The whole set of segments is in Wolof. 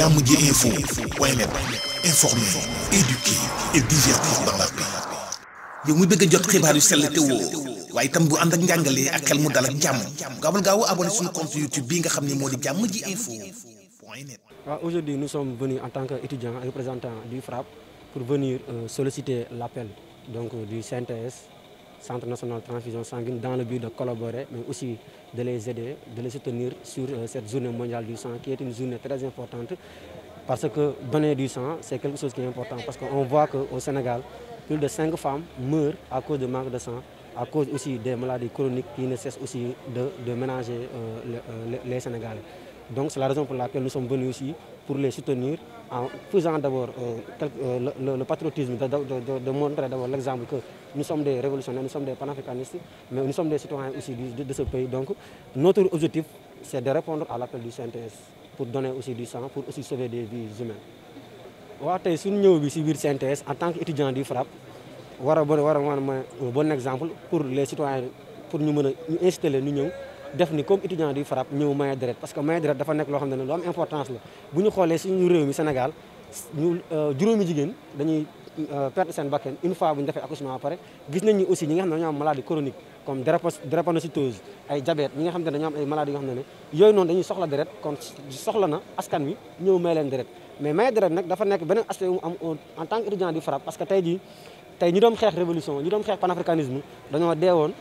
jàmm ji info point net informer, éduquer et divertir dans la paix. yow mi bëgg a jot xibaar yu sell te woo waaye itam bu ànd ak njàngalee ak xel mu dal ak jàmm gaawal gaaw abonné suñu compte YouTube bii nga xam ne moo di jàmm ji info point net. waaw aujourd'hui nous sommes venus en tant que étudiants et du FRAPP pour venir euh, solliciter l'appel donc du CNTS. Centre national de transfusion sanguine, dans le but de collaborer, mais aussi de les aider, de les soutenir sur euh, cette journée mondiale du sang, qui est une journée très importante, parce que donner du sang, c'est quelque chose qui est important, parce qu'on voit qu'au Sénégal, plus de 5 femmes meurent à cause de manque de sang, à cause aussi des maladies chroniques qui ne cessent aussi de, de ménager euh, euh les, les Donc c'est la raison pour laquelle nous sommes venus ici pour les soutenir en faisant d'abord euh, euh, le, patriotisme, de, de, de, de montrer d'abord l'exemple que nous sommes des révolutionnaires, nous sommes des panafricanistes, mais nous sommes des citoyens aussi de, ce pays. Donc notre objectif, c'est de répondre à l'appel du CNTS pour donner aussi du sang, pour aussi sauver des vies humaines. waaw tey ñëw bi si biir CNTS en tant que étudiant du FRAPP war a war a euh, bon exemple pour les citoyens pour ñu mën a ñu installer ñu ñëw def ni comme étudiant du FRAPP ñëw maye deret parce que maye deret dafa nekk loo xam ne lu am importance la bu ñu xoolee suñu réew mi Sénégal euh, juróomi jigéen dañuy euh, perte seen bakkan une fois bu ñu defee accouchement ba gis nañ ni ne am maladie chronique comme drépanocytose ay diabète ñi nga xam ne dañoo ay maladie yoo xam ne ne yooyu noonu dañuy soxla deret kon soxla na askan wi leen deret mais may deret nag dafa nekk beneen aspect mu am en tant que étudiant du FRAPP parce que tey jii tey ñu doon xeex révolution ñu doon xeex panafricanisme dañoo deewoon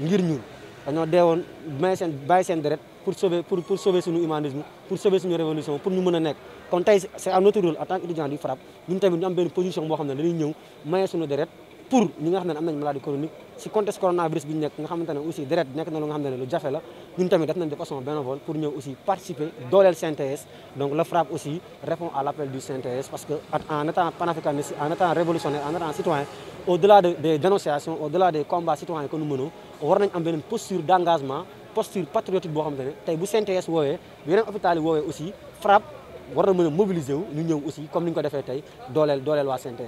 ngir ñun dañoo deewoon may seen bàyyi seen deret pour sauver pour pour sauver suñu humanisme pour révolution pour ñu mën a nekk kon tey c'est à notre rôle en tant que étudiant du FRAPP ñun tamit ñu position boo xam ne dañuy ñëw maye suñu deret pour ñi xam ne am nañ maladie chronique si contexte coronavirus bi ñu nekk nga xamante ne aussi deret lu nga xam tamit def de façon bénévole pour ñëw aussi participer dooleel CNTS donc la FRAPP aussi répond à l' appel du CNTS parce que en étant panafricaniste en étant révolutionnaire en étant citoyen au delà des dénonciations au delà des combats citoyens que nous menons war nañ posture d' posture patriotique boo xamante ne tey bu CNTS woowee yeneen hôpital yi woowee aussi aussi comme ni ñu